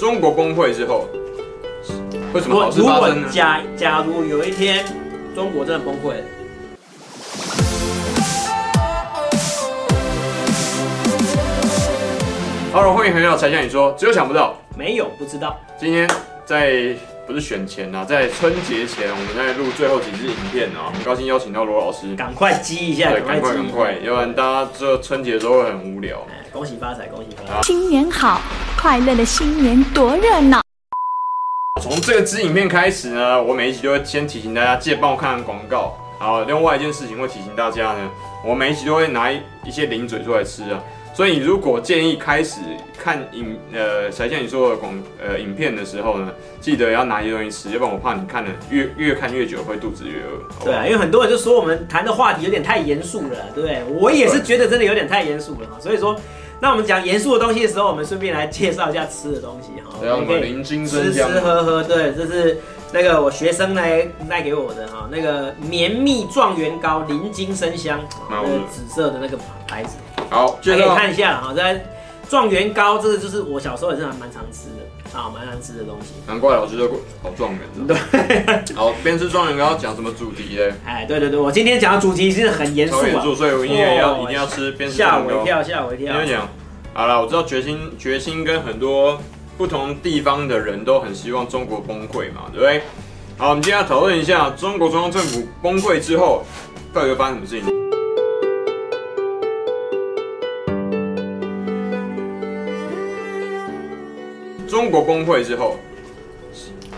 中國崩潰之後，為什麼如果假假如有一天中國真的崩潰了，好了，Hello, 歡迎回到柴 Sean 你說，只有想不到，沒有不知道。今天在。不是選前吶、啊，在春節前我們在錄最後幾支影片啊，很高興邀請到羅老師，趕快記一下，對，趕快趕快，要不然大家這春節的時候會很無聊。恭喜發財，恭喜發財，發啊、新年好，快樂的新年多熱鬧。從這個支影片開始呢，我每一集都會先提醒大家，記得幫我看看廣告。好，另外一件事情會提醒大家呢，我每一集都會拿一一些零嘴出來吃啊。所以，你如果建議開始看影，呃，柴 Sean 你說的廣，呃，影片的時候呢，記得要拿一些東西吃，要不然我怕你看的越越看越久，會肚子越餓。對啊，因為很多人就說我們談的話題有點太嚴肅了，對不對？我也是覺得真的有點太嚴肅了，對所以說，那我們講嚴肅的東西的時候，我們順便來介紹一下吃的東西哈。好對啊，林金可生香，吃吃喝喝，對，這是那個我學生來帶給我的哈，那個綿密狀元糕，林金生香，然後紫色的那個牌子。好，接着看一下。好在狀元糕，這個就是我小時候也是還蠻常吃的啊，蠻常吃的東西。難怪老師都好狀人。對，好，邊吃狀元糕，要講什麼主題嘞？哎，對對對，我今天講的主題是很嚴肅，啊，超嚴肅，所以我一定要，要、哦、一定要吃邊吃狀元糕。嚇我一跳，嚇我一跳，因為講，好啦，我知道決心決心跟很多不同地方的人都很希望中國崩潰嘛，對不對？好，我們今天要討論一下中國中央政府崩潰之後，到底會發生什麼事情。中國崩潰之後，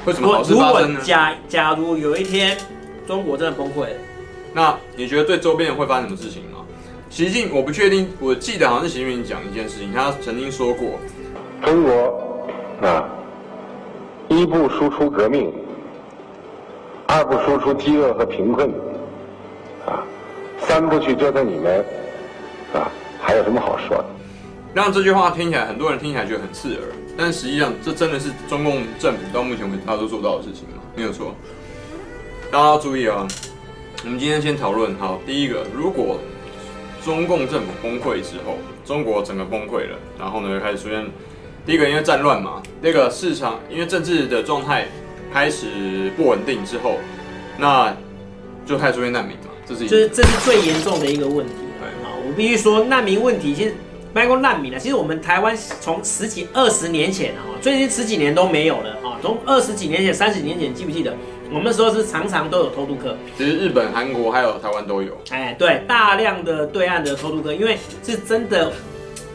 為什麼好事發生呢？如果假假如有一天中國真的崩潰了，那你覺得對周邊人會發生什麼事情呢？習近平我不確定，我記得好像是習近平講一件事情，他曾經說過：中國啊，一不輸出革命，二不輸出飢餓和貧困，啊，三不去折騰你們，啊，還有什麼好說的？讓這句話聽起來，很多人聽起來覺得很刺耳，但實際上，這真的是中共政府到目前為止他都做到的事情嗎？沒有錯。大家要注意啊、哦，我們今天先討論好，第一個，如果中共政府崩潰之後，中國整個崩潰了，然後呢開始出現，第一個因為戰亂嘛，那個市場因為政治的狀態開始不穩定之後，那就開始出現難民嘛，這是這是這是最嚴重的一個問題。對啊，我必須說，難民問題其、就、實、是。別說難民了，其實我們台灣從十幾二十年前啊，最近十幾年都沒有了啊。從二十幾年前，三十年前，記不記得我們那時候是，是常常都有偷渡客？其實日本、韓國還有台灣都有。哎，對，大量的對岸的偷渡客，因為是真的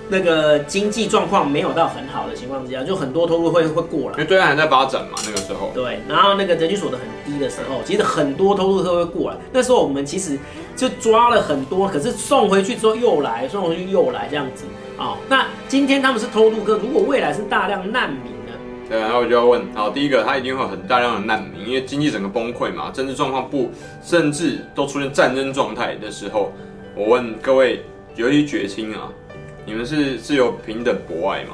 那個經濟狀況沒有到很好的情況之下，就很多偷渡會會過來。因為對岸還在發展嘛，那個時候。對，然後那個人均所得很低的時候，其實很多偷渡客會過來。那時候我們其實。就抓了很多，可是送回去之後又來，送回去又來，這樣子啊、哦。那今天他們是偷渡客，如果未來是大量難民呢？對，然後我就要問，好，第一個，他一定會有很大量的難民，因為經濟整個崩潰嘛，政治狀況不，甚至都出現戰爭狀態的時候，我問各位，由於決心啊，你們是自由平等博愛嗎？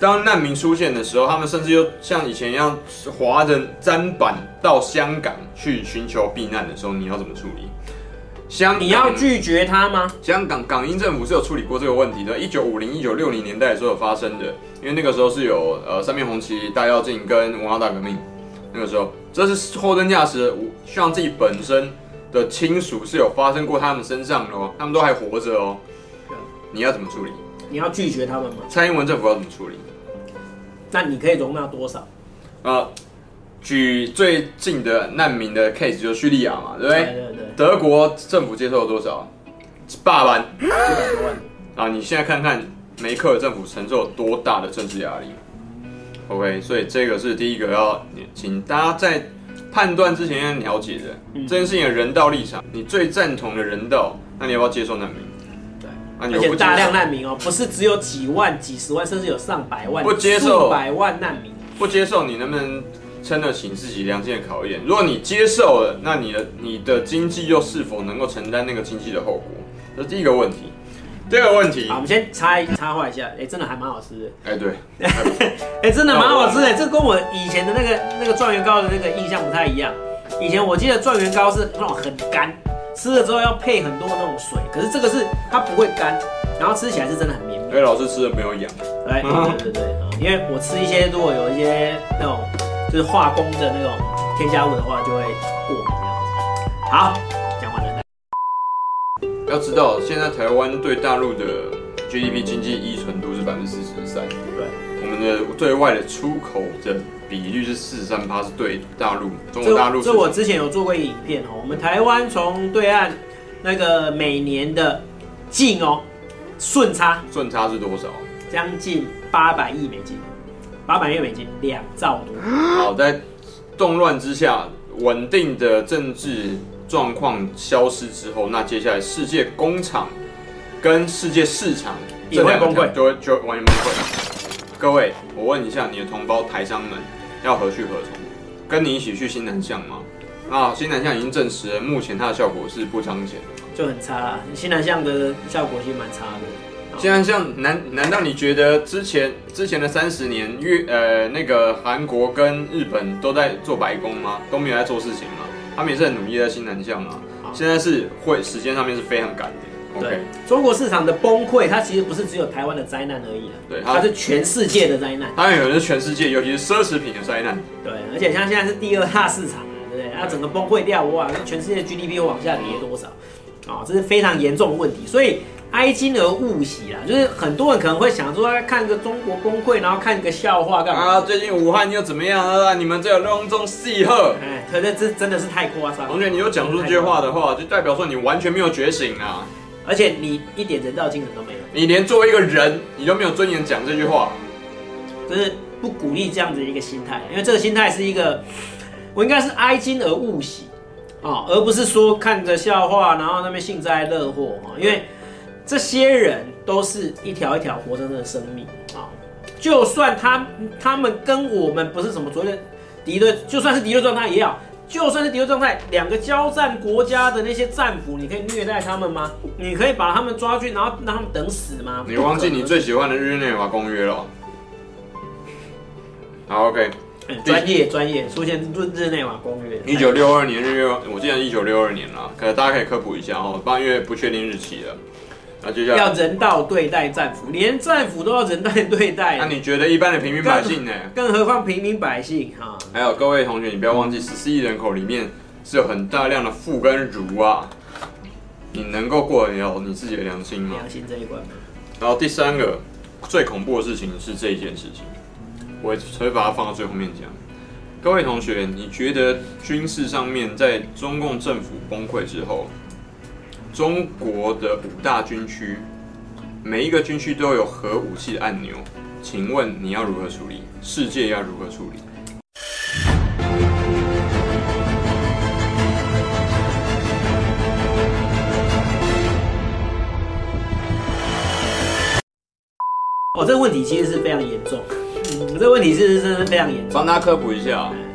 當難民出現的時候，他們甚至又像以前一樣，劃著舢板到香港去尋求避難的時候，你要怎麼處理？香港你要拒絕他嗎？香港港英政府是有處理過這個問題的，一九五零一九六零年代的時候有發生的，因為那個時候是有呃三面紅旗、大躍進跟文化大，大革命，那個時候這是貨真價實，像自己本身的親屬是有發生過他們身上的哦，他們都還活着哦。你要怎麼處理？你要拒絕他們嗎？蔡英文政府要怎麼處理？那你可以容納多少？啊、呃？舉最近的難民的 case，就是敘利亞嘛，對不對？對對對德國政府接受了多少？八萬，八萬啊！你現在看看梅克爾政府承受多大的政治壓力。OK，所以這個是第一個要，請大家在判斷之前要了解的，嗯、這件事情的人道立場，你最贊同的人道，那你要不要接受難民？對，啊、你而且大量難民哦、喔，不是只有幾萬、幾十萬，甚至有上百萬，不接受百萬難民，不接受你，你能不能？撐得起自己良心的考驗。如果你接受了，那你的你的經濟又是否能夠承擔那個經濟的後果？這是第一個問題。第二個問題，好，我們先插一插話一下。哎、欸，真的還蠻好吃的。哎、欸，對。哎、 欸，真的蠻好吃的。No, 這跟我以前的那個那個狀元糕的那個印象不太一樣。以前我記得狀元糕是那種很乾，吃了之後要配很多那種水。可是這個是它不會乾，然後吃起來是真的很綿密。哎、欸，老師吃了沒有癢？來、欸，對，對對對，因為我吃一些如果有一些那種。就是化工的那種添加物的話，就會過敏。好，講完了。要知道，現在台灣對大陸的 GDP 經濟依存度是百分之四十三。對，嗯、我們的對外的出口的比率是四十三趴，是對大陸、中國大陸。這我之前有做過影片哦，我們台灣從對岸那個每年的進哦順差，順差是多少？將近八百億美金。八百元美金，兩兆多。好、哦，在動亂之下，穩定的政治狀況消失之後，那接下來世界工廠跟世界市場也會崩潰，就會就完全崩潰。各位，我問一下你的同胞台商們，要何去何從？跟你一起去新南向嗎？那、啊、新南向已經證實了，目前它的效果是不彰顯的，就很差。新南向的效果其實蠻差的。現在像難難道你覺得之前之前的三十年，越呃那個韓國跟日本都在做白工嗎？都沒有在做事情嗎？他們也是很努力在新南向嘛。好現在是會時間上面是非常趕的。對，okay 中國市場的崩潰，它其實不是只有台灣的災難而已了，對，它,它是全世界的災難。當然、嗯，有的是全世界，尤其是奢侈品的災難。對，而且像現在是第二大市場啊，對不對？它整個崩潰掉，哇，那全世界 GDP 會往下跌多少？啊、哦，這是非常嚴重的問題，所以。哀矜而勿喜啦，就是很多人可能會想說，看個中國崩潰，然後看個笑話幹嘛？啊，最近武漢又怎麼樣了？啊，你們這有隆重細賀。哎，可是這真的是太誇張了。了同學，你又講出這句話的話，就代表說你完全沒有覺醒啊！而且你一點人道精神都沒有。你連作為一個人，你都沒有尊嚴講這句話，就是不鼓勵這樣子一個心態，因為這個心態是一個，我應該是哀矜而勿喜啊、哦，而不是說看着笑話，然後那邊幸災樂禍嘛、哦，因為。這些人都是一條一條活生生的生命啊！就算他他們跟我們不是什麼所謂的敵對，就算是敵對狀態也好，就算是敵對狀態，兩個交戰國家的那些戰俘，你可以虐待他們嗎？你可以把他們抓去，然後讓他們等死嗎？你忘記你最喜歡的日內瓦公約了？好，OK，專業專業，出現日內瓦公約，一九六二年日內，來我記得一九六二年了，可能大家可以科普一下哦，八月不確定日期了。啊、要人道對待戰俘，連戰俘都要人道對待。那、啊、你覺得一般的平民百姓呢？更何況平民百姓哈，啊、還有各位同學，你不要忘記十四億人口裡面是有很大量的婦跟孺啊。你能夠過得了你自己的良心嗎？良心這一關嗎？然後第三個最恐怖的事情是這一件事情，嗯、我才會把它放到最後面講。各位同學，你覺得軍事上面在中共政府崩潰之後？中國的五大軍區，每一個軍區都有核武器的按鈕，請問你要如何處理？世界要如何處理？哦，這個問題其實是非常嚴重。嗯，這個問題是是非常嚴重。幫大家科普一下。嗯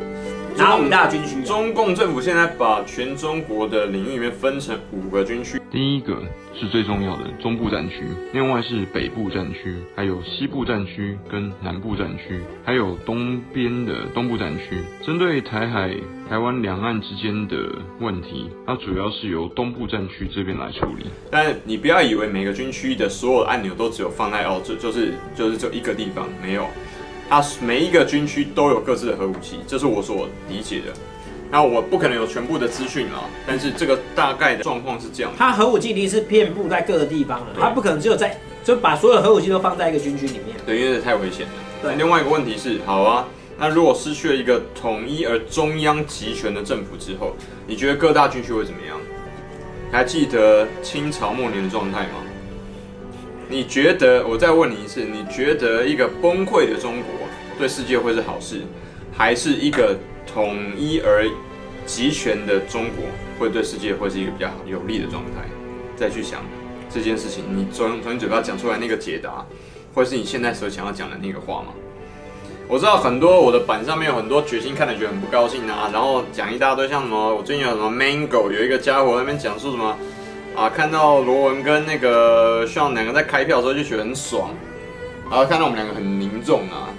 拿五大軍區。然後，中共政府現在把全中國的領域裡面分成五個軍區，第一個是最重要的中部戰區，另外是北部戰區，還有西部戰區跟南部戰區，還有東邊的東部戰區。針對台海、台灣兩岸之間的問題，它主要是由東部戰區這邊來處理。但你不要以為每個軍區的所有按鈕都只有放在哦，這就，就是就是就一個地方，沒有。它每一個軍區都有各自的核武器，這是我所理解的。那我不可能有全部的資訊啊，但是這個大概的狀況是這樣。它核武器已經是遍布在各個地方的，對它不可能只有在就把所有核武器都放在一個軍區裡面。對，因為太危險了。對，另外一個問題是，好啊，那如果失去了一個統一而中央集權的政府之後，你覺得各大軍區會怎麼樣？還記得清朝末年的狀態嗎？你覺得？我再問你一次，你覺得一個崩潰的中國對世界會是好事，還是一個統一而集權的中國會對世界會是一個比較有利的狀態？再去想這件事情，你從從你嘴巴講出來那個解答，會是你現在所想要講的那個話嗎？我知道很多我的板上面有很多決心，看了覺得很不高興啊。然後講一大堆，像什麼，我最近有什麼 Mango 有一個家伙在那邊講說什麼。啊、看到羅文跟那個 Sean，兩個在開票的時候就覺得很爽，然、啊、後看到我們兩個很凝重啊，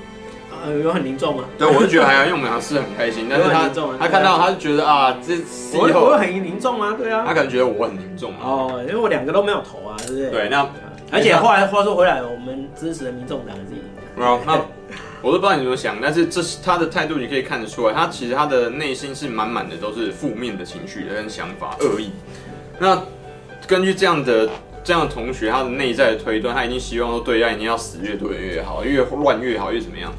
呃，有很凝重啊， 對，我就覺得還好，因為我們倆是很開心，但是他、啊、他看到他就覺得啊，這我後、啊、很凝重啊。對啊，他可能覺得我很凝重、啊、哦，因為我兩個都沒有投啊，是不是？對，那而且後來話說回來，我們支持的民進黨自己。那 我都不知道你怎麼想，但是這是他的態度，你可以看得出來，他其實他的內心是滿滿的都是負面的情緒跟想法、惡 意。那。根據這樣的這樣的同學，他的內在的推斷，他一定希望說，對岸一定要死越多人越好，越亂越好，越怎麼樣？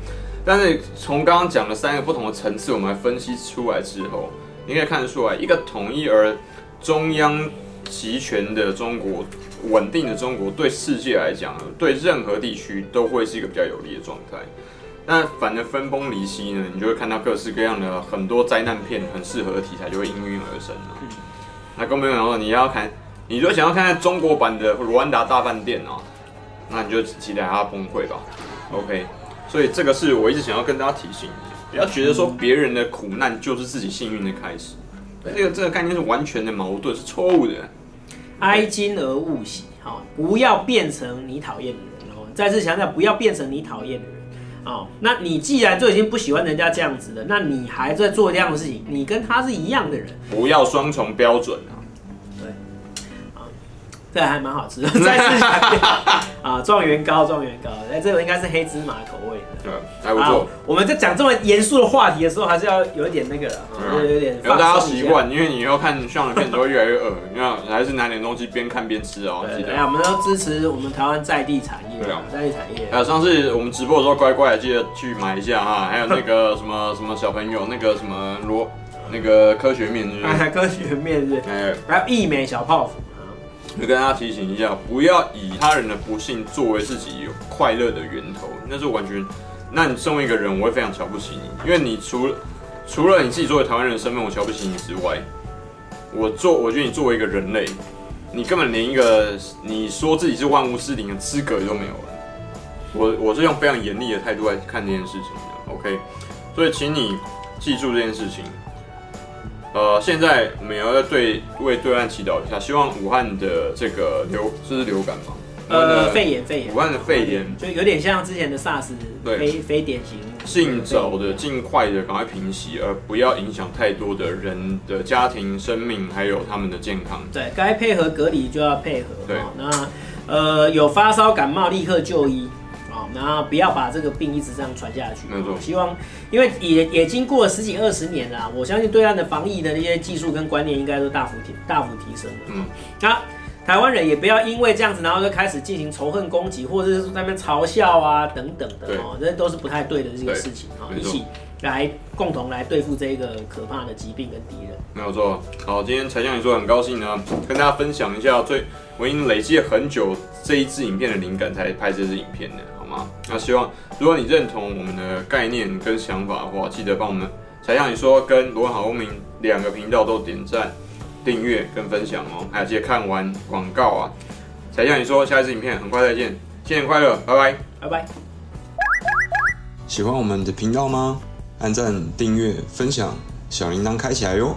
但是從剛剛講的三個不同的層次，我們來分析出來之後，你可以看得出來，一個統一而中央集權的中國，穩定的中國，對世界來講，對任何地區都會是一個比較有利的狀態。那反正分崩離析呢，你就會看到各式各樣的很多災難片，很適合的題材就會應運而生了。嗯。那各位朋友，你要看。你就想要看看中國版的盧安達大飯店哦、喔，那你就期待他崩潰吧。OK，所以這個是我一直想要跟大家提醒，不要覺得說，別人的苦難就是自己幸運的開始，嗯、這個這個概念是完全的矛盾，是錯誤的。哀對矜而勿喜，哈、哦，不要變成你討厭的人哦。再次強調，不要變成你討厭的人哦。那你既然就已經不喜歡人家這樣子了，那你還在做這樣的事情，你跟他是一樣的人。不要雙重標準。這還蠻好吃的，再次強調啊，狀元糕，狀元糕，那這個應該是黑芝麻口味的，對，還不錯。我們在講這麼嚴肅的話題的時候，還是要有一點那個了，有點，要大家習慣，因為你要看這樣的片都會越來越餓。你看，還是拿點東西邊看邊吃哦。對，來，我們要支持我們台灣在地產業，對，在地產業。還有上次我們直播的時候，乖乖的記得去買一下哈。還有那個什麼什麼小朋友，那個什麼羅，那個科學麵是，科學麵是，哎，還有義美小泡芙。我跟大家提醒一下，不要以他人的不幸作為自己有快樂的源頭，那是完全。那你身為一個人，我會非常瞧不起你，因為你除了除了你自己作為台灣人的身份，我瞧不起你之外，我做我覺得你作為一個人類，你根本連一個你說自己是萬物之靈的資格都沒有了。我我是用非常嚴厲的態度來看這件事情的，OK？所以請你記住這件事情。呃，現在我們要對為對岸祈禱一下，希望武漢的這個流支流感嗎？呃，肺，肺炎肺炎，武漢的肺炎就有點像之前的 SARS，對非非典型，盡早的、盡炎快的趕快平息，而不要影響太多的人的家庭、生命還有他們的健康。對，該配合隔離就要配合。對，好那呃，有發燒、感冒，立刻就醫。然後不要把這個病一直這樣傳下去。沒錯錯，希望，因為也也經過了十幾二十年了，我相信對岸的防疫的那些技術跟觀念，應該都大幅提大幅提升了。嗯，那台灣人也不要因為這樣子，然後就開始進行仇恨攻擊，或者是在那邊嘲笑啊等等的，哦對，這、喔、都是不太對的這些事情。好對、喔，一起來共同來對付這個可怕的疾病跟敵人。沒有錯。好，今天柴 Sean 你說，很高興呢，跟大家分享一下最，最我已經累積了很久這一支影片的靈感，才拍這支影片的。那、啊、希望，如果你認同我們的概念跟想法的話，記得幫我們柴 Sean 你說跟羅浩公民兩個頻道都點讚、訂閱跟分享哦。還有，記得看完廣告啊！柴 Sean 你說，下一次影片很快再見，新年快樂，拜拜，拜拜。喜歡我們的頻道嗎？按讚、訂閱、分享，小鈴鐺開起來喲！